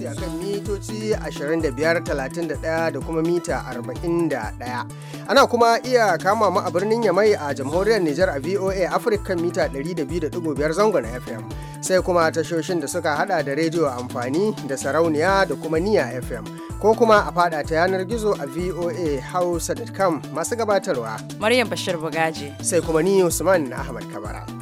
su a kan mitoci 25,31 da kuma mita 41. Ana kuma iya kama mu a birnin Yamai a jamhuriyar Nijar a VOA Africa mita 102.5 zangon FM. Sai kuma tashoshin da suka hada da rediyo amfani da sarauniya da kuma niya FM. Ko kuma a fada ta yanar gizo a VOA Hausa.com masu gabatarwa. Maryam Bashir Bugaji. Sai kuma ni Usman Ahmad Kabara.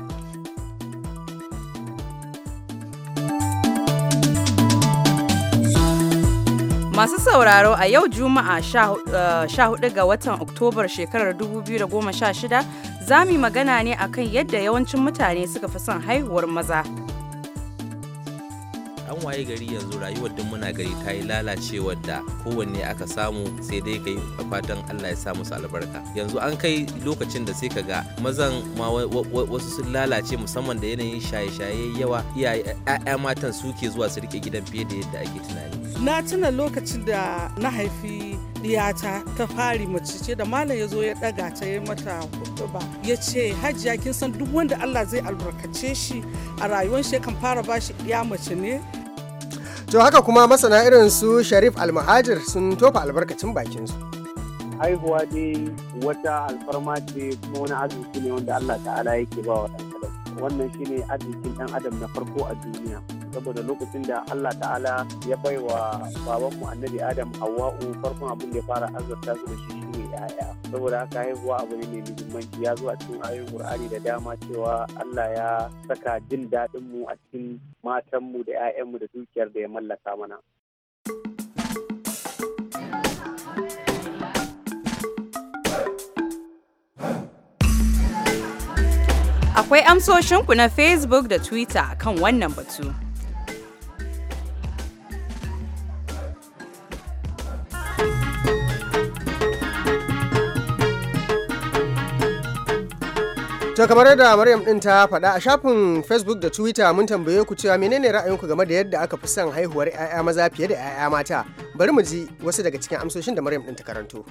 Masu sauraro a yau Juma'a 14 eh, ga watan Oktobar shekarar 2016 za mu magana ne akan yadda yawancin mutane suka fi son haihuwar maza. an waye gari yanzu rayuwar duk muna gari ta yi lalacewar da kowanne aka samu sai dai ka yi fatan Allah ya sa musu albarka yanzu an kai lokacin da sai ka ga mazan ma wasu sun lalace musamman da yanayin shaye-shaye yawa iyaye 'ya'ya matan suke zuwa su rike gidan fiye da yadda ake tunani na tuna lokacin da na haifi diyata ta fari mace ce da malam ya zo ya daga ta yi mata ba ya ce hajiya kin san duk wanda Allah zai albarkace shi a rayuwar shi kan fara bashi iya mace ne To haka kuma masana irin su Sharif Almahajir sun tofa albarkacin bakin su. Haihuwa dai wata alfarma ce kuma wani arziki ne wanda Allah ta'ala yake ba wa adam. Wannan shine arzikin ɗan adam na farko a duniya. saboda lokacin da Allah ta'ala ya baiwa babanmu annabi Adam Hawwa'u farkon abin da ya fara azurta su da shi 'ya'ya saboda haka haihuwa abu ne mai muhimmanci ya zo a cikin ayoyin qur'ani da dama cewa Allah ya saka jin daɗin mu a cikin matanmu da 'ya'yanmu da dukiyar da ya mallaka mana Akwai amsoshinku na Facebook da Twitter kan wannan batu. To kamar yadda Maryam din ta faɗa a shafin Facebook da Twitter mun tambaye ku cewa menene ra'ayinku game da yadda aka fi son haihuwar 'ya'ya maza fiye da 'ya'ya mata. Bari mu ji wasu daga cikin amsoshin da Maryam din ta karanto.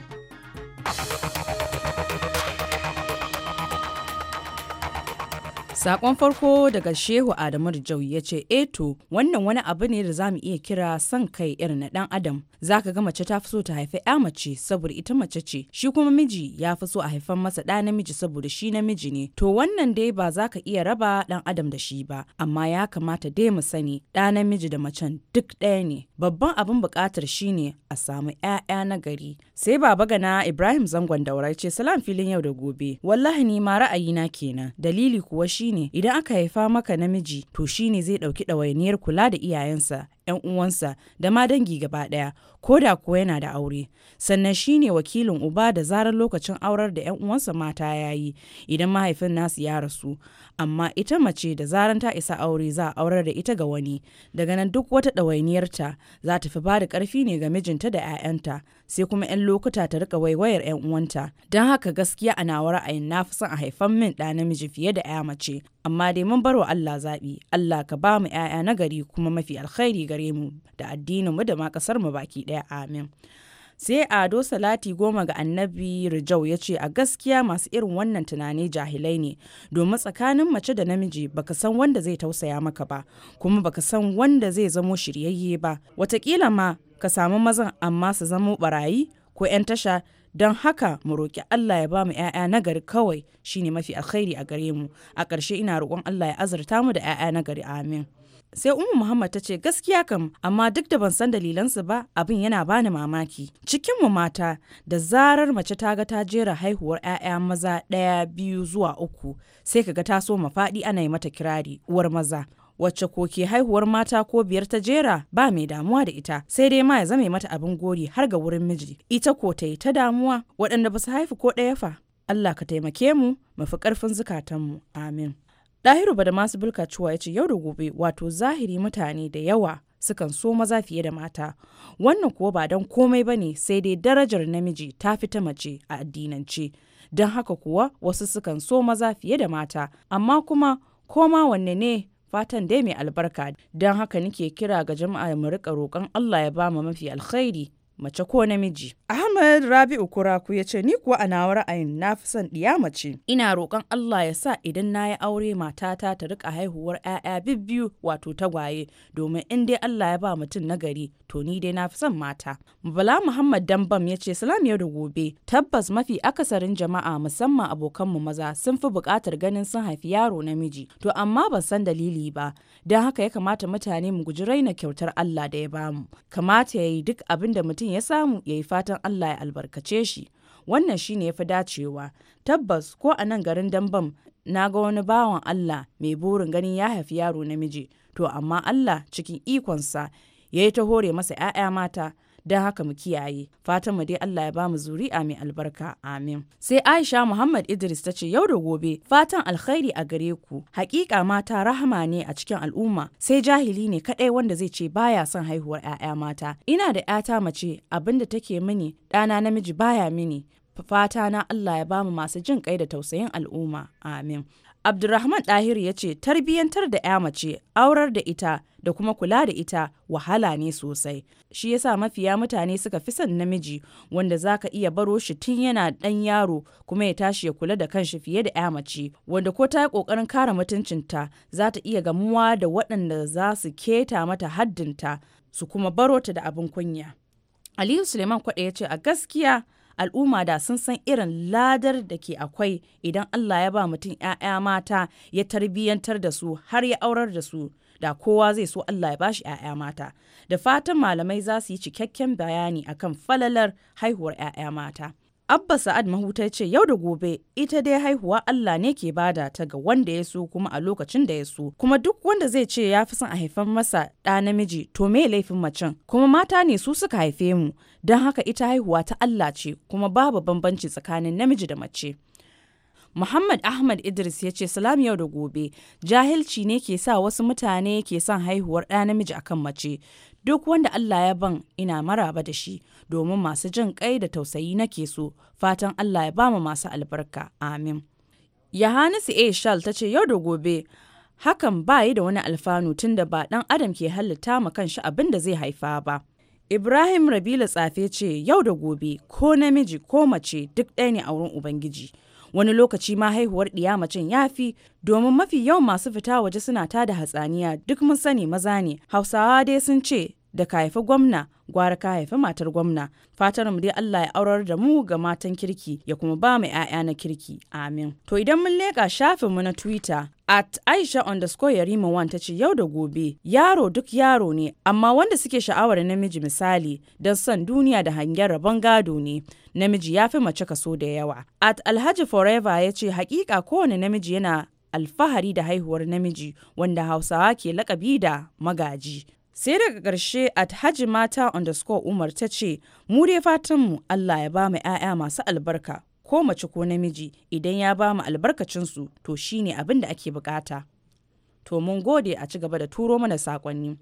Sakon farko daga Shehu Adamu Jau ya ce, "Eto, eh wannan wani abu ne da za mu iya kira son kai irin na ɗan Adam. Za ka ga mace ta fi so ta haifi ‘ya mace saboda ita mace ce, shi kuma miji ya fi so a haifan masa ɗa namiji saboda shi namiji ne. To wannan dai ba za ka iya raba ɗan Adam da shi ba, amma ya kamata dai mu sani ɗa namiji da macen duk ɗaya ne. Babban abin buƙatar shi ne a samu ‘ya'ya na gari. Sai baba gana Ibrahim Zangon Daura ce, "Salam filin yau da gobe, wallahi ni ma ra'ayina kenan, dalili kuwa shi shine idan aka haifa maka namiji to shine zai dauki ɗawainiyar kula da iyayensa 'yan uwansa da ma dangi gaba daya ko da kuwa yana da aure sannan shine wakilin uba da zarar lokacin aurar da 'yan uwansa mata ya yi idan mahaifin nasu ya rasu amma ita mace da zaran ta isa aure za a aurar da ita ga wani daga nan duk wata ɗawainiyarta za ta fi ba da ƙarfi ne ga mijinta da 'ya'yanta sai kuma 'yan lokuta ta rika waiwayar 'yan uwanta don haka gaskiya a nawa ra'ayin na fi son a haifan min ɗa namiji fiye da 'ya mace amma dai mun barwa Allah zaɓi Allah ka ba mu 'ya'ya na gari kuma mafi alkhairi gare mu da addinin mu da ma ƙasar mu baki ɗaya amin sai ado salati goma ga annabi rijau ya ce a gaskiya masu irin wannan tunani jahilai ne domin tsakanin mace da namiji baka san wanda zai tausaya maka ba kuma baka san wanda zai zamo shiryayye ba watakila ma ka samu mazan amma su zamo barayi ko 'yan tasha don haka mu roƙi Allah ya ba mu 'ya'ya na gari kawai shine mafi alkhairi a gare mu a ƙarshe ina roƙon Allah ya azurta mu da 'ya'ya na gari amin sai umu muhammad ta ce gaskiya kam amma duk da ban san dalilansu ba abin yana bani mamaki cikinmu mata da zarar mace ta ga ta jera haihuwar 'ya'ya maza ɗaya biyu zuwa uku sai kaga ta so mafaɗi ana yi mata kirari uwar maza wacce ko ke haihuwar mata ko biyar ta jera ba mai damuwa da ita sai dai ma ya zame mata abin gori har ga wurin miji ita ko ta yi ta damuwa waɗanda ba su haifi ko ɗaya fa Allah ka taimake mu mafi ƙarfin zukatanmu amin Dahiru ba da masu bulka cewa ya ce yau da gobe wato zahiri mutane da yawa sukan so maza fiye da mata wannan kuwa ba don komai ba ne sai dai darajar namiji ta fi ta mace a addinance don haka kuwa wasu sukan so maza fiye da mata amma kuma koma wanne ne fatan dai mai albarka don haka nike kira ga jama'a mu rika roƙon Allah ya bamu mafi alkhairi mace ko namiji. Ahmad Rabi'u Kuraku ya ce ni kuwa a nawa ra'ayin na fi son ɗiya mace. Ina roƙon Allah ya sa idan na yi aure matata ta rika haihuwar 'ya'ya bibbiyu wato tagwaye domin in dai Allah ya ba mutum nagari to ni dai na fi son mata. Bala Muhammad Dambam ya ce salam yau da gobe tabbas mafi akasarin jama'a musamman abokanmu maza sun fi buƙatar ganin sun haifi yaro namiji to amma ban san dalili ba don haka ya kamata mutane mu guji raina kyautar Allah da ya bamu. Kamata ya yi duk abin da mutum mutum ya samu ya yi fatan Allah ya albarkace shi. Wannan shi ne ya fi dacewa. Tabbas ko a nan garin Dambam na ga wani bawan Allah mai burin ganin ya haifi yaro namiji. To amma Allah cikin ikonsa ya yi ta hore masa ‘ya'ya mata. don haka mu kiyaye fatan mu dai Allah ya bamu zuri'a mai albarka amin sai Aisha Muhammad Idris ta ce yau da gobe fatan alkhairi a gare ku hakika mata rahama ne a cikin al'umma sai jahili ne kadai wanda zai ce baya son haihuwar 'ya'ya mata ina da 'yata mace abinda take mini ɗana namiji baya mini fata na Allah ya bamu masu jin kai da tausayin al'umma amin Abdurrahman Dahir ya ce tarbiyyantar da 'ya mace, aurar da ita da kuma kula da ita wahala ne sosai. Shi yasa mafiya mutane suka fi son namiji wanda za ka iya baro shi tun yana ɗan yaro kuma ya tashi ya kula da kanshi fiye da 'ya mace wanda ko ta yi ƙoƙarin kare mutuncinta za ta iya gamuwa da waɗanda za su keta mata haddinta su kuma baro ta da abin kunya. Aliyu Suleiman kwaɗa ya ce a gaskiya al'umma da sun san irin ladar da ke akwai idan Allah ya ba mutum 'ya'ya mata ya tarbiyyantar da su har ya aurar da su da kowa zai so Allah ya bashi 'ya'ya mata da fatan malamai za su yi cikakken bayani akan falalar haihuwar 'ya'ya mata. Abba Sa'ad Mahuta ce yau da gobe ita dai haihuwa Allah ne ke bada ta ga wanda ya so kuma a lokacin da ya so kuma duk wanda zai ce ya fi son a haifan masa ɗa namiji to me laifin macen kuma mata ne su suka haife mu don haka ita haihuwa ta Allah ce kuma babu bambanci tsakanin namiji da mace. Muhammad Ahmad Idris ya ce salam yau da gobe jahilci ne ke sa wasu mutane ke son haihuwar ɗa namiji akan mace duk wanda Allah ya ban ina maraba da shi domin masu jin kai da tausayi nake so fatan Allah ya bamu masu albarka amin Yohannes A Shal ta ce yau da gobe hakan ba yi da wani alfanu tunda ba ɗan adam ke halitta ma kanshi abin da zai haifa ba Ibrahim Rabila tsafe ce yau da gobe ko namiji ko mace duk ɗaya ne a wurin Ubangiji wani lokaci ma haihuwar ɗiya macen ya fi domin mafi yawan masu fita waje suna ta da hatsaniya duk mun sani maza ne hausawa dai sun ce da ka haifi gwamna gwara ka haifi matar gwamna fatar mu dai Allah ya aurar da mu ga matan kirki ya kuma ba mu 'ya'ya na kirki amin to idan mun leƙa shafin mu na twitter at aisha underscore yarima wan ta ce yau da gobe yaro duk yaro ne amma wanda suke sha'awar namiji misali don son duniya da hangen rabon gado ne namiji ya fi mace kaso da yawa at alhaji forever ya ce hakika kowane namiji yana alfahari da haihuwar namiji wanda hausawa ke lakabi da magaji sai daga ƙarshe at haji mata underscore umar ta ce mu dai fatan mu allah ya ba mu 'ya'ya masu albarka ko mace ko namiji idan ya ba mu albarkacinsu to shine abin da ake bukata to mun gode a ci gaba da turo mana sakonni.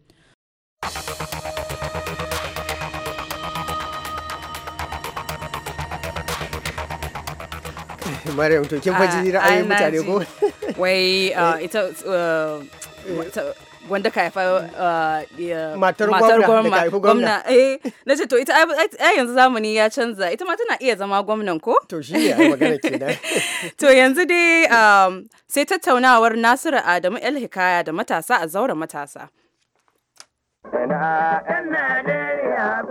Mariam to kin faji ah, ra'ayin mutane ko? Wai ah, ita ah, eh. Wanda ka haifa uh, matar gwamna eh na ce to ita ai yanzu zamani ya canza ita ma tana iya zama gwamnan ko to shi ne magana kenan to yanzu dai um, sai tattaunawar Nasiru Adamu El Hikaya da matasa a zaura matasa Ina ina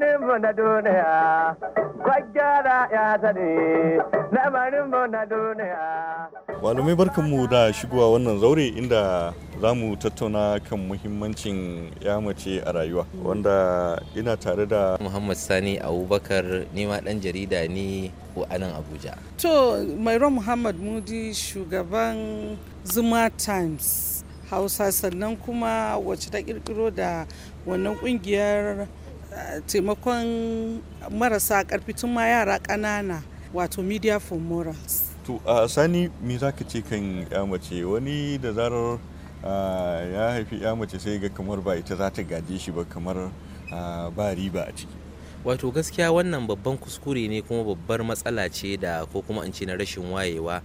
ne mu na duniya kwaggara ya zane mu na duniya. barkanmu da shigowa wannan zaure inda za mu tattauna kan muhimmancin ya mace a rayuwa wanda ina tare da Muhammad Sani Abubakar nema dan jarida ne a nan Abuja. To, Mairon Muhammad Mudi shugaban Zuma Times Hausa sannan kuma wacce ta kirkiro da wannan kungiyar taimakon marasa karfi tun ma yara kanana wato media for morals to a sani me za ka ce kan ya mace wani da zarar ya haifi ya mace sai ga kamar ba ita za ta gaje shi ba kamar ba riba a ciki wato gaskiya wannan babban kuskure ne kuma babbar matsala ce da ko kuma in ce na rashin wayewa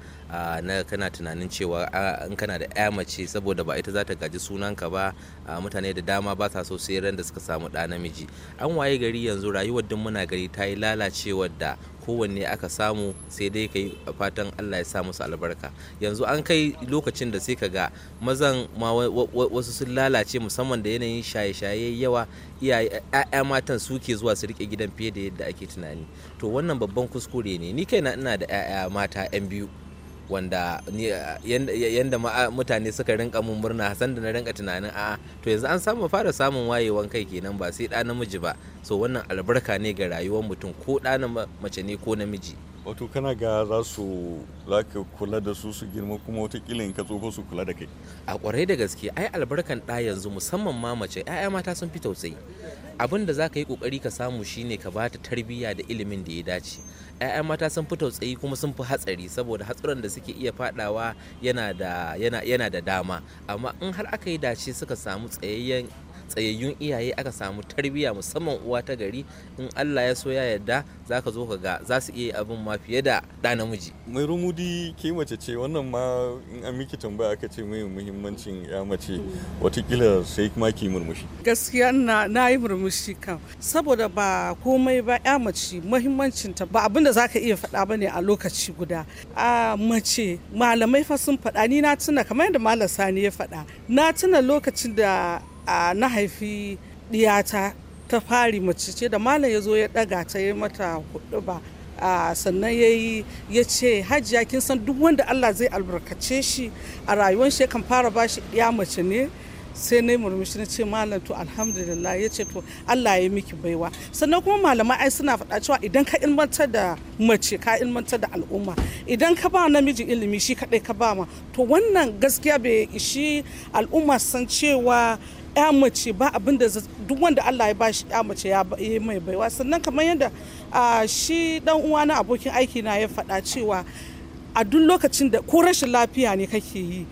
na kana tunanin cewa in kana da ya mace saboda ba ita za ta gaji sunanka ba mutane da dama ba sa so sai ran da suka samu ɗa namiji an waye gari yanzu rayuwar duk muna gari ta yi lalacewar da kowanne aka samu sai dai ka yi fatan allah ya sa musu albarka yanzu an kai lokacin da sai ka ga mazan ma wasu sun lalace musamman da yanayin shaye-shaye yawa ya'ya matan suke zuwa su rike gidan fiye da yadda ake tunani to wannan babban kuskure ne ni kaina ina da 'ya'ya mata 'yan biyu wanda yanda mutane suka rinka mun murna san da na rinka tunanin a to yanzu an samu fara samun wayewan kai kenan ba sai ɗa namiji ba so wannan albarka ne ga rayuwar mutum ko ɗa mace ne ko namiji wato kana ga za su za kula da su su girma kuma wata in ka tsofa su kula da kai a ƙwarai da gaske ai albarkan ɗa yanzu musamman ma mace 'ya'ya mata sun fi tausayi abin da za ka yi kokari ka samu shine ka ba ta tarbiyya da ilimin da ya dace 'ya'ya mata sun fi tausayi kuma sun fi hatsari saboda hatsuran da suke iya fadawa yana da yana da dama amma in har aka yi dace suka samu tsayayyen tsayayyun iyaye aka samu tarbiyya musamman uwa ta gari in Allah ya so ya yarda ka zo ka ga za su iya abin ma fiye da ɗa namiji mai rumudi ke mace ce wannan ma in an miki tambaya aka ce mai muhimmancin ya mace watakila sai kuma ki murmushi gaskiya na yi murmushi kan saboda ba komai ba ya mace muhimmancin ta ba abin da zaka iya faɗa bane a lokaci guda a mace malamai fa sun faɗa ni na tuna kamar yadda malam sani ya faɗa na tuna lokacin da a na haifi ɗiyata ta fari mace ce da malam ya zo ya ɗaga ta yi mata hudu ba sannan ya yi ya ce hajiya kin san duk wanda allah zai albarkace shi a rayuwar shi kan fara bashi ɗiya mace ne sai na yi murmushi na ce malam to alhamdulillah ya ce to Allah ya yi miki baiwa sannan kuma malamai ai suna faɗa cewa idan ka ilmantar da mace ka ilmantar da al'umma idan ka ba namiji ilimi shi kaɗai ka ba ma to wannan gaskiya bai ishi al'umma san cewa ya mace ba abin duk wanda Allah ya bashi ya mace ya mai baiwa sannan kamar yadda shi dan uwa na abokin aiki na ya faɗa cewa a duk lokacin da ko rashin lafiya ne kake yi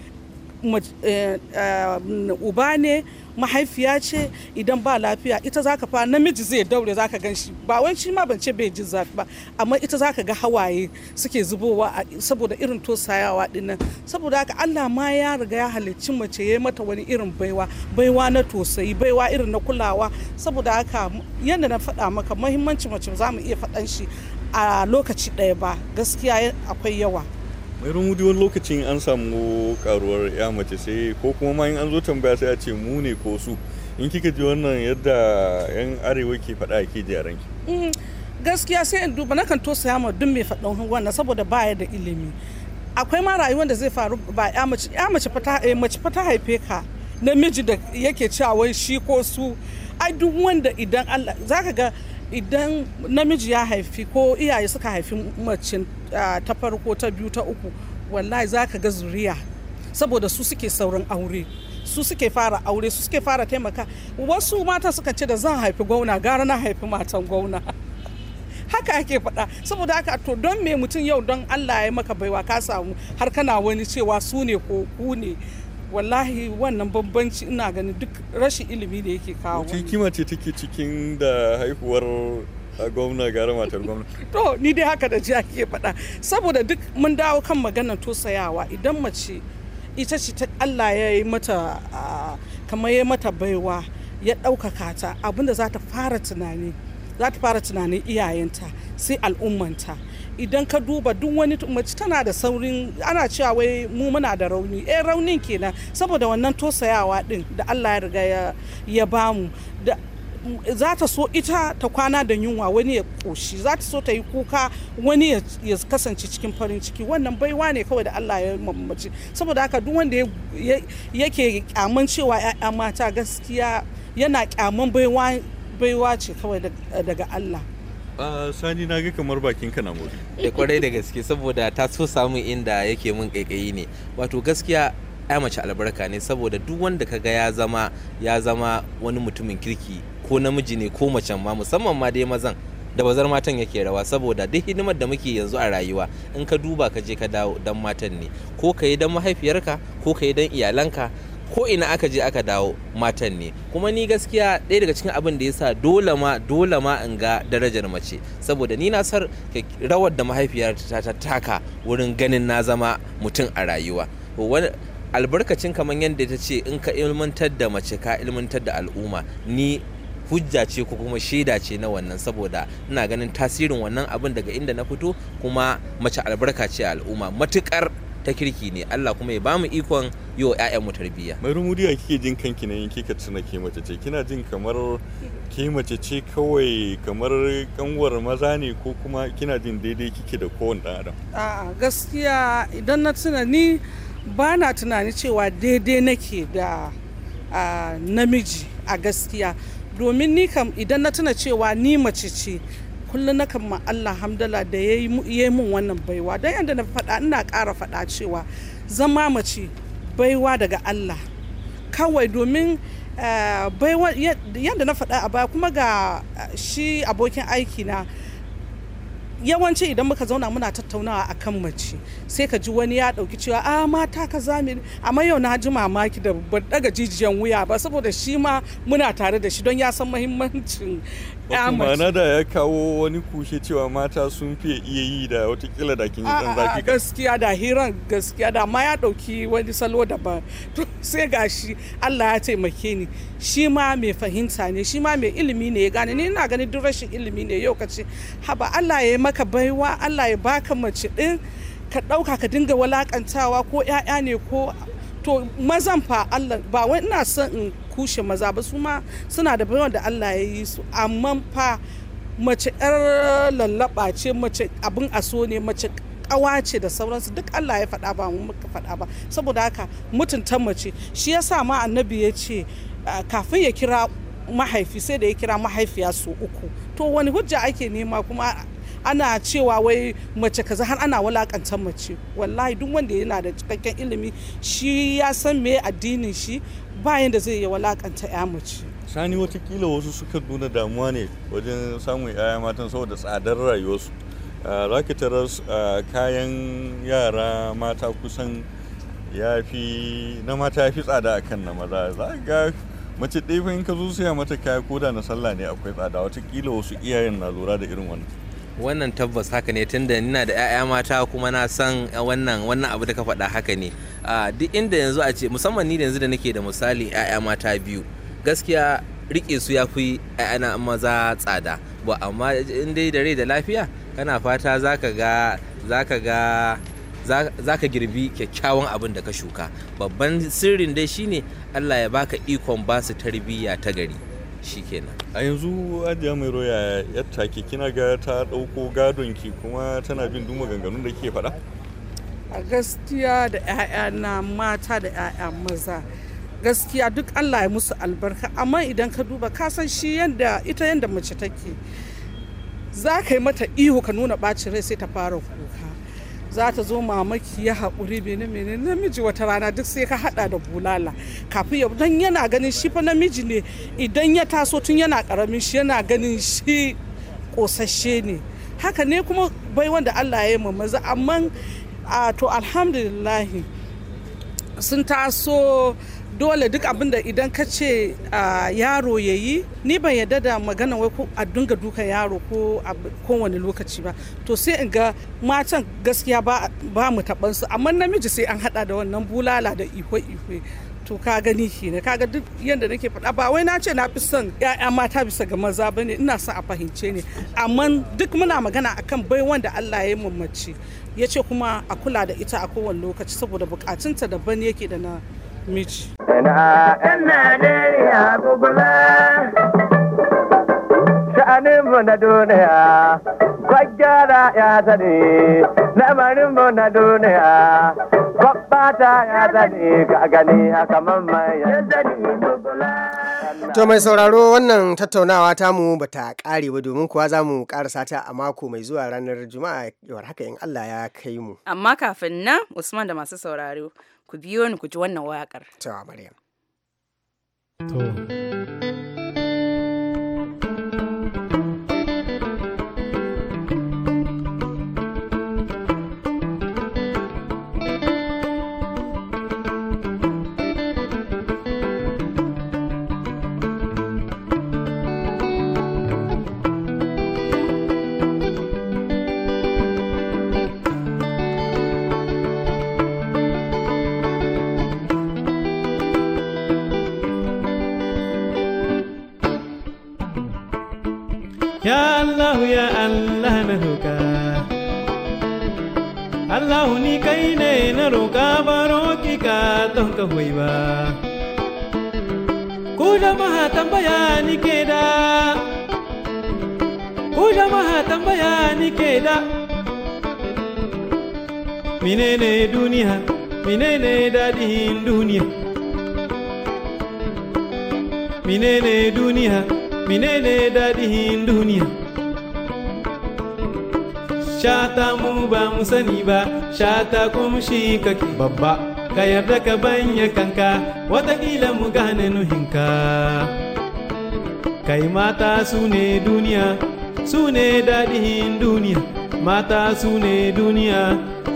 Eh, eh, uba ne mahaifiya ce idan ba lafiya ita zaka fa namiji zai daure zaka gan shi ba wai ma ban ce bai ji zafi ba amma ita zaka ga hawaye suke zubowa saboda irin tosayawa dinnan saboda haka Allah ma ya riga ya halicci mace ya mata wani irin baiwa baiwa na tosayi baiwa irin na kulawa saboda haka yanda na faɗa maka muhimmanci mace za mu iya faɗan shi a lokaci ɗaya ba gaskiya akwai yawa mai rumudi wani lokacin an samu karuwar ya mace sai ko kuma ma an zo tambaya sai a ce mu ne ko su in kika ji wannan yadda yan arewa ke faɗa ke ji ki mm, gaskiya sai in duba nakan tosa ma duk mai faɗan wannan saboda baya da ilimi akwai ma rayuwar da zai faru ba ya mace fata eh, haife ka namiji da yake cewa wai shi ko su ai duk wanda idan Allah zaka ga idan namiji ya haifi ko iyaye suka haifi mace ta farko ta biyu ta uku wallahi za ka ga zuriya saboda su suke saurin aure su suke fara aure su suke fara taimaka wasu mata suka ce da zan haifi gwauna gara na haifi matan gwauna haka ake faɗa saboda haka to don me mutum yau don allah ya maka baiwa ka samu har kana wani cewa su ne ko ku ne wallahi wannan bambanci ina gani duk rashin ilimi da yake kawo wani kima ce take cikin da haihuwar gwamna gara matar gwamna to ni dai haka da ji ake faɗa saboda duk mun dawo kan maganar tosayawa idan mace ita ce ta Allah ya yi mata kamar ya mata baiwa ya ɗaukaka ta abinda za ta fara tunani za ta fara tunanin iyayenta sai al'ummanta idan ka duba duk wani mace tana da saurin ana cewa wai mu muna da rauni eh raunin kenan saboda wannan tosayawa din da Allah ya riga ya bamu da za ta so ita ta kwana da yunwa wani ya koshi za ta so ta yi kuka wani ya kasance cikin farin ciki wannan baiwa ne kawai da Allah ya mamaci saboda haka duk wanda yake kyaman cewa 'ya'ya mata gaskiya yana kyaman baiwa baiwa ce kawai daga Allah sani na ga kamar bakin kana mori da kwarai da gaske saboda ta so samun inda yake mun kaikayi ne wato gaskiya ya mace albarka ne saboda duk wanda ka ga ya zama ya zama wani mutumin kirki ko namiji ne ko macen ma musamman ma dai mazan da bazar matan yake rawa saboda duk hidimar da muke yanzu a rayuwa in ka duba ka je ka dawo dan matan ne ko ka yi dan mahaifiyarka ko ka yi dan iyalanka ko ina aka je aka dawo matan ne kuma ni gaskiya ɗaya daga cikin abin da ya sa dole ma dole ma in ga darajar mace saboda ni na sar rawar da mahaifiyar ta taka wurin ganin na zama mutum a rayuwa albarkacin kamar yadda ta ce in ka ilmantar da mace ka ilmantar da al'umma ni hujja ce ko kuma shaida ce na wannan saboda ina ganin tasirin wannan abin daga inda na fito kuma mace albarka ce al'umma matukar ta kirki ne Allah kuma ya bamu ikon yi wa 'ya'yanmu tarbiyya mai rumuriya kike jin kanki ne in kika tuna ke mace ce kina jin kamar ke mace ce kawai kamar kanwar maza ne ko kuma kina jin daidai kike da kowane dan adam a'a gaskiya idan na tuna ni ba na tunani cewa daidai nake da namiji a gaskiya domin ni kam idan na tuna cewa ni mace ce kullum na kan Allah hamdala da ya yi mun wannan baiwa don yadda na faɗa ina ƙara faɗa cewa zama mace baiwa daga Allah kawai domin eh, baiwa yadda na faɗa a baya kuma ga eh, shi abokin aiki na yawanci idan muka zauna muna tattaunawa a kan mace sai ka ji wani ya ɗauki cewa a ah, mata ka zami amma yau na ji mamaki da ban daga jijiyan wuya ba saboda shi ma muna tare da shi don ya san mahimmancin kuma da ya kawo wani kushe cewa mata sun fiye iya yi da watakila da kin dan zafi gaskiya da hiran gaskiya da ma ya dauki wani salo daban to sai gashi Allah ya taimake ni shi ma mai fahimta ne shi ma mai ilimi ne ya gane ni ina ganin duk rashin ilimi ne yau kace haba Allah ya maka baiwa Allah ya baka mace din ka dauka ka dinga walakantawa ko 'ya'ya ne ko to mazan fa Allah ba wai ina son in kushe maza ba su ma suna da baiwa da Allah ya yi su amma fa mace yar lallaba ce mace abin aso ne mace kawa ce da sauransu duk Allah ya faɗa ba mu muka faɗa ba saboda haka mutunta mace shi yasa ma annabi ya ce kafin ya kira mahaifi sai da ya kira mahaifiya su uku to wani hujja ake nema kuma ana cewa wai mace kaza har ana walakantar mace wallahi duk wanda yana da cikakken ilimi shi ya san me addinin shi bayan da zai iya walakanta ya mace sani watakila wasu suka nuna damuwa ne wajen samun yaya matan saboda tsadar rayuwarsu za kayan yara mata kusan ya fi na mata ya fi tsada a kan na maza za ga mace ɗaya in ka zo siya mata kaya koda na sallah ne akwai tsada watakila wasu iyayen na lura da irin wannan wannan tabbas haka ne tunda nina da 'ya'ya mata kuma na san wannan abu da ka faɗa haka ne duk inda yanzu a ce musamman ni da yanzu da nake da misali 'ya'ya mata biyu gaskiya riƙe su ya fi 'ya'yana maza tsada ba amma in dai da rai da lafiya kana fata za ka girbi kyakkyawan abin da ka shuka babban sirrin dai shine allah ya baka ikon basu tarbiyya ta gari kenan a yanzu ajiya mai roya ya take kina ga ta dauko gadon ki kuma tana bin duma ganganun da ke faɗa a gaskiya da 'ya'ya na mata da 'ya'ya maza gaskiya duk allah ya musu albarka amma idan ka duba kasan shi yadda ita yadda mace take za ka yi mata ihu ka nuna ɓacin rai sai ta fara kuka za ta zo mamaki ya haƙuri mene mene namiji wata rana duk sai ka haɗa da bulala kafin ya dan yana ganin shi fa namiji ne idan ya taso tun yana karamin shi yana ganin shi ƙosashe ne haka ne kuma bai wanda Allah ya yi ma maza amma to alhamdulillahi sun taso dole duk abin da idan ka ce yaro ya yi ni ban yadda da magana wai ko a dinga dukan yaro ko a kowane lokaci ba to sai in ga matan gaskiya ba mu tabansu su amma namiji sai an haɗa da wannan bulala da ihwe-ihwe to ka gani kenan kaga duk yadda nake faɗa ba wai na ce na fi son ya'ya mata bisa ga maza ba ne ina son a fahimce ne amma duk muna magana akan bai wanda Allah ya yi mace ya ce kuma a kula da ita a kowane lokaci saboda bukatunta daban yake da na mici babbata ya To mai sauraro wannan tattaunawa tamu ba ta ƙare ba domin kuwa za mu karasa ta a mako mai zuwa ranar Juma'a yawar haka in Allah ya kai mu. Amma kafin nan Usman da masu sauraro ku biyo ni ku ji wannan waƙar. To, Maryam. To. don ka hoyi ba. Ku jama'a tambaya ni ke da, ku jama'a tambaya ni ke da. Menene duniya, menene daɗin duniya. Menene duniya, menene daɗin duniya. Shata mu ba mu sani ba, shata kuma shi kake babba. ka yarda ka banye kanka watakila mu gane nuhinka kai mata su ne duniya su ne daɗin duniya mata su ne duniya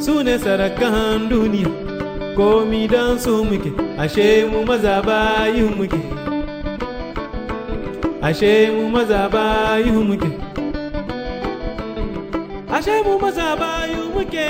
su ne sarakan duniya komi don su muke ashe mu maza bayin muke ashe mu maza bayin muke ashe mu maza bayin muke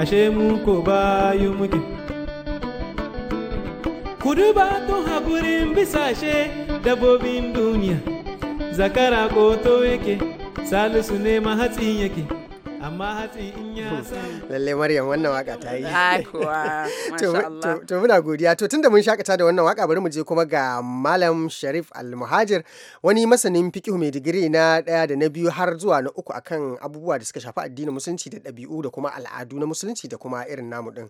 ashe mu ko bayu muke ku duba tun haƙurin bisashe dabobin duniya zakara ko to yake salisu ne mahatsin yake amma hatsi in ya hmm. samu lalle maryam wannan waka ta yi to muna godiya to tunda mun shakata da wannan waka bari mu je kuma ga malam sharif almuhajir wani masanin fiqh mai digiri na daya da na biyu har zuwa na uku akan abubuwa da suka shafi addinin musulunci da ɗabi'u da kuma al'adu na musulunci da kuma irin namu din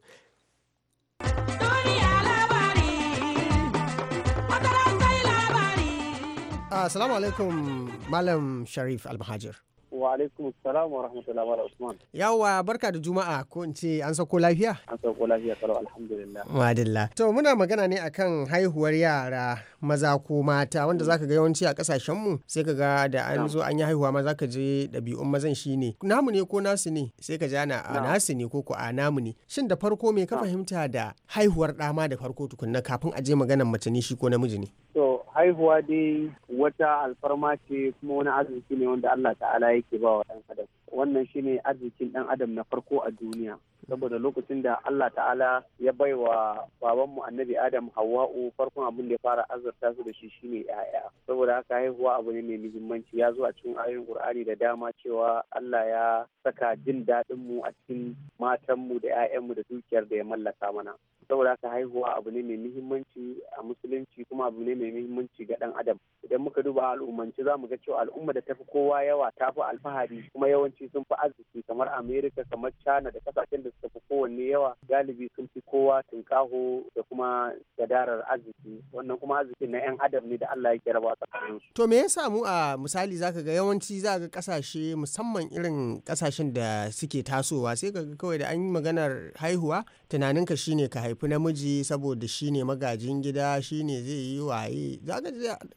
Assalamu alaikum Malam Sharif Almahajir. Wa alaikum salam wa rahmatullahi wa Usman. Yawwa barka da Juma'a ko in ce an sauko lafiya? An sauko lafiya karo alhamdulillah. Madalla. To muna magana ne akan haihuwar yara maza ko mata wanda zaka ga yawanci a kasashen mu sai ka ga da an zo an yi haihuwa ma ka je ɗabi'un mazan ne. namu ne ko nasu ne sai ka ji a nasu ne ko ko a namu ne. Shin da farko me ka fahimta da haihuwar ɗama da farko tukunna kafin a je maganar mace ne shi ko namiji ne? so haihuwa dai wata alfarma ce kuma wani arziki ne wanda Allah ta'ala yake ba wa ɗan adam. Wannan shine arzikin ɗan adam na farko a duniya. Saboda lokacin da Allah ta'ala ya bai wa babanmu annabi Adam Hawwa'u farkon abin da ya fara azurta su da shi shine ‘ya'ya. Saboda haka haihuwa abu ne mai muhimmanci ya zo a cikin ayoyin Qur'ani da dama cewa Allah ya saka jin daɗinmu a cikin matanmu da ‘ya'yanmu da dukiyar da ya mallaka mana. saboda haka haihuwa abu ne mai muhimmanci a musulunci kuma abu ne mai muhimmanci ga dan adam idan muka duba al'ummanci za mu ga cewa al'umma da tafi kowa yawa ta fi alfahari kuma yawanci sun fi arziki kamar america kamar china da kasashen da suka fi kowanne yawa galibi sun fi kowa tunkaho da kuma gadarar arziki wannan kuma arziki na yan adam ne da allah ya raba tsakanin to me yasa mu a misali zaka ga yawanci za ga kasashe musamman irin kasashen da suke tasowa sai ka ga kawai da an yi maganar haihuwa tunaninka shine ka haihu haifi namiji saboda shine magajin gida shi ne zai yi waye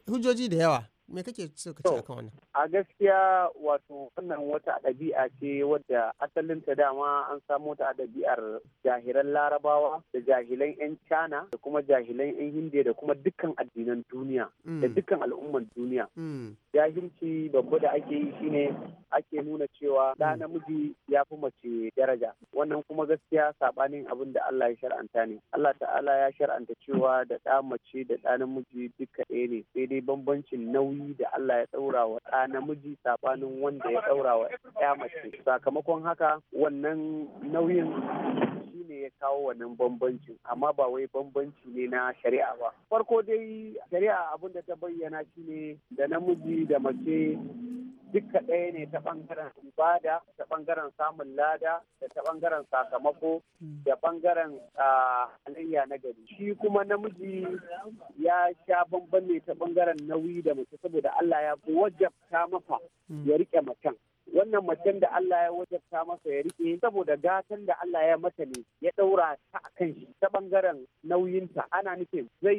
hujjoji da yawa me kake so ka cika akan wannan a gaskiya wato wannan wata ɗabi'a ce wadda asalin ta dama an samo ta a ɗabi'ar jahilan larabawa da jahilan yan cana da kuma jahilan yan hindiya da kuma dukkan addinan duniya da mm. dukkan al'umman duniya mm. jahilci babba da ake yi shine ake nuna cewa da mm. namiji ya fi mace daraja wannan kuma gaskiya sabanin abin da Allah ya shar'anta ne Allah ta'ala ya shar'anta cewa da ɗa mace da ɗa namiji duka ɗaya ne sai dai bambancin nauyi yi da Allah ya ɗaura wa ɗa namiji saɓanin wanda ya ɗaura wa ɗaya mace sakamakon haka wannan nauyin ne ya kawo wannan bambancin amma ba wai bambanci ne na shari'a ba farko dai shari'a abin da ta bayyana shine da namiji da mace duka ɗaya ne ta ɓangaren ibada ta ɓangaren samun lada da ta ɓangaren sakamako da ɓangaren halayya na gari shi kuma namiji ya sha bamban ne ta ɓangaren nauyi da mace saboda Allah ya wajabta masa hmm. ya rike macen wannan macen da Allah ya wajabta masa ya rike saboda gatan da Allah ya mata ne ya daura ta a kan shi ta bangaren nauyinta ana nufin zai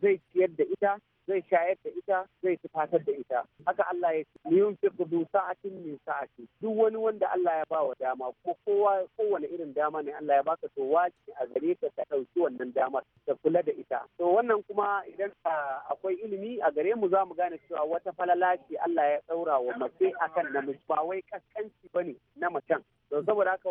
zai ciyar da ita zai shayar da ita zai tufatar da ita haka Allah ya ce liyun fi kudu sa'atin min sa'ati duk wani wanda Allah ya bawa dama ko kowa kowane irin dama ne Allah ya baka to wajibi a gare ka ka dauki wannan damar ka kula da ita to wannan kuma idan ah, akwai ilimi a gare mu za mu gane cewa wata falala ce Allah ya tsaura wa mace akan namiji ba wai kaskanci ne na macen don saboda haka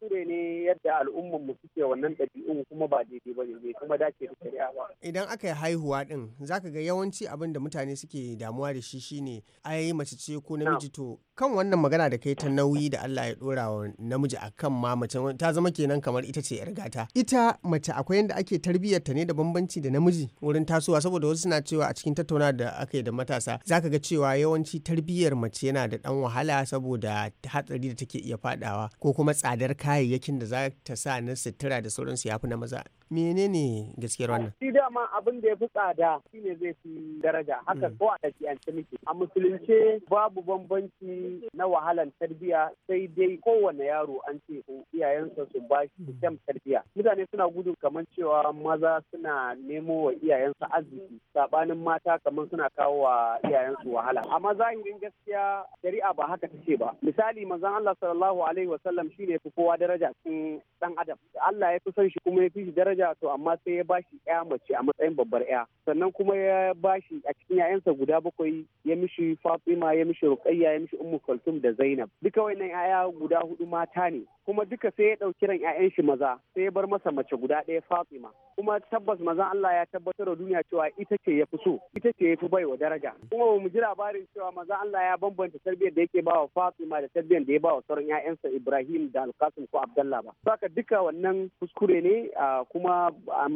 kuskure ne yadda al'umman mu suke wannan ɗabi'un kuma ba daidai ba ne kuma dace da shari'a ba idan aka yi haihuwa din zaka ga yawanci abin da mutane suke damuwa da shi shine ai mace ce ko namiji to kan wannan magana da kai ta nauyi da Allah ya dora wa namiji akan ma mace ta zama kenan kamar ita ce yar gata ita mace akwai yanda ake tarbiyyar ta ne da bambanci da namiji wurin tasowa saboda wasu suna cewa a cikin tattauna da aka yi da matasa zaka ga cewa yawanci tarbiyyar mace yana da dan wahala saboda hatsari da take iya faɗawa ko kuma tsadar kaya kayayyakin da za ta sa na sutura da sauransu ya fi na maza menene gaskiyar wannan shi dama abin da ya fi tsada shine zai fi daraja haka hmm. ko a ɗabi'ance miki a musulunce babu bambanci na wahalan tarbiya sai dai kowane yaro an ce ko iyayensa su ba shi hmm. kyam tarbiya mutane suna gudu kamar cewa maza suna nemo wa iyayensa arziki sabanin mata kamar suna kawo wa iyayensu wahala amma zahirin gaskiya shari'a ba haka take ba misali manzon Allah sallallahu alaihi wasallam shine fi kowa daraja sun dan adam Allah ya fi son shi kuma ya fi shi daraja to amma sai ya bashi ya mace a matsayin babbar ya sannan kuma ya bashi a cikin yayansa guda bakwai ya mishi Fatima ya mishi Ruqayya ya mishi Ummu Kulthum da Zainab duka wayannan yaya guda hudu mata ne kuma duka sai ya ɗauki ran 'ya'yan shi maza sai ya bar masa mace guda ɗaya Fatima kuma tabbas maza Allah ya tabbatar da duniya cewa ita ce ya fi so ita ce ya fi baiwa daraja kuma ba mu ji labarin cewa maza Allah ya bambanta tarbiyyar da yake bawa Fatima da tarbiyyar da ya bawa sauran 'ya'yansa Ibrahim da Alkasim ko Abdallah ba saka duka wannan kuskure ne kuma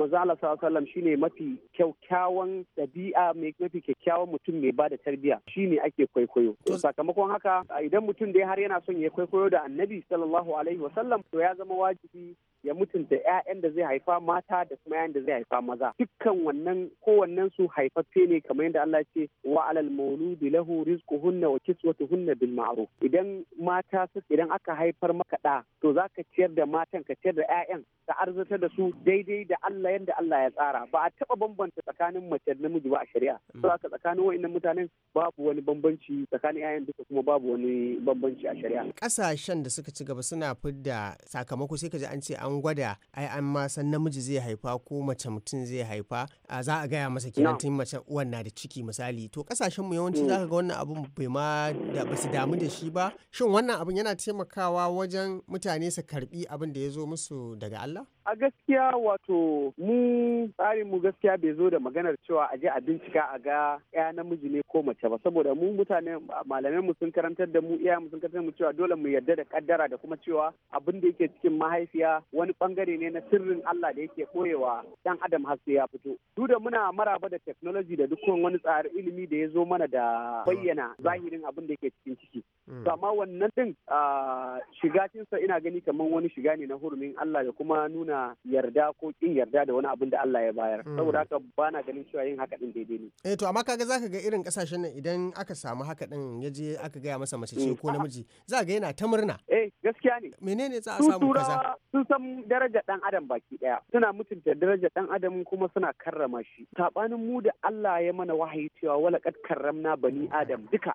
maza Allah sallallahu alaihi shine mafi kyakkyawan dabi'a mafi kyakkyawan mutum mai bada tarbiyya shine ake kwaikwayo sakamakon haka idan mutum dai har yana son ya kwaikwayo da Annabi sallallahu alaihi wa to ya zama wajibi ya mutunta 'ya'yan da zai haifa mata da kuma 'ya'yan da zai haifa maza dukkan wannan kowannen su haifaffe ne kamar yadda Allah ce wa alal mauludi lahu rizquhunna wa kiswatuhunna bil ma'ruf idan mata su idan aka haifar maka da to zaka ciyar da matan ka ciyar da 'ya'yan ka arzata da su daidai da Allah yadda Allah ya tsara ba a taba bambanta tsakanin mace da namiji ba a shari'a saboda tsakanin wa'annan mutanen babu wani bambanci tsakanin 'ya'yan duka kuma babu wani bambanci a shari'a kasashen da suka ci gaba suna fidda sakamako sai ka ji an ce an an gwada ai an ma san namiji zai haifa ko mace mutum zai haifa a za a gaya masa kenan tun mace uwan na da ciki misali to kasashen mu yawanci zaka ga wannan abun bai ma da basu damu da shi ba shin wannan abun yana taimakawa wajen mutane su karbi abin da ya zo musu daga Allah a gaskiya wato mu tsarin mu gaskiya bai zo da maganar cewa a je a bincika a ga ya namiji ne ko mace ba saboda mu mutane malamai mu sun karantar da mu iyayen mu sun karantar da mu cewa dole mu yarda da kaddara da kuma cewa abin da yake cikin mahaifiya wani bangare ne na sirrin Allah da yake koyewa dan adam har sai ya fito duk da muna maraba da technology da dukkan wani tsari ilimi da ya zo mana da bayyana zahirin abin da yake cikin ciki hmm. to amma wannan din ah, shiga cinsa ina gani kamar wani shiga ne na hurumin Allah da kuma nuna nuna yarda ko kin yarda da wani abin da Allah ya bayar hmm. saboda haka bana ganin cewa yin haka din daidai ne eh to amma kaga zaka ga irin kasashen nan idan aka samu haka din yaje aka gaya masa mace ce hmm. ko namiji za ga yana ta murna eh gaskiya ne menene za a samu kaza sun san daraja dan adam baki daya suna mutunta daraja dan adam kuma suna karrama shi sabanin mu da Allah ya mana wahayi cewa wala kad karramna bani adam duka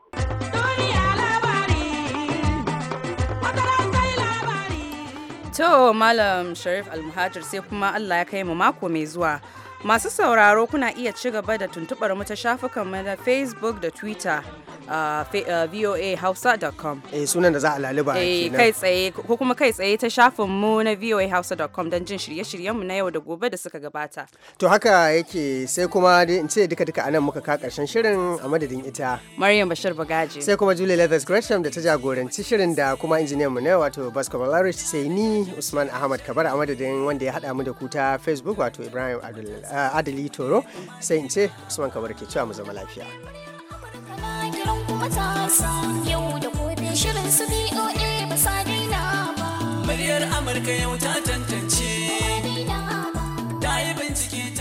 To Malam Sharif Almuhajir sai kuma Allah ya kai mu mako mai zuwa. Masu sauraro kuna iya ci gaba da tuntubar mu ta shafukanmu na Facebook da Twitter uh, uh, Eh sunan da za a laluba eh, kai tsaye ko kuma kai tsaye ta shafin mu na hausa.com don jin shirye-shiryenmu na yau da gobe da suka gabata. To haka yake sai kuma in ce duka-duka anan muka ka karshen shirin a madadin ita. Maryam Bashir Bagaji. Sai kuma Julie Leathers Gresham da ta jagoranci shirin da kuma injiniyan mu na wato basko Valarish sai ni Usman Ahmad Kabar a madadin wanda ya hada mu da ku ta Facebook wato Ibrahim abdullahi adali toro sai in ce usman kamar ke cewa mu zama lafiya muryar amurka yau ta tantance ta yi bincike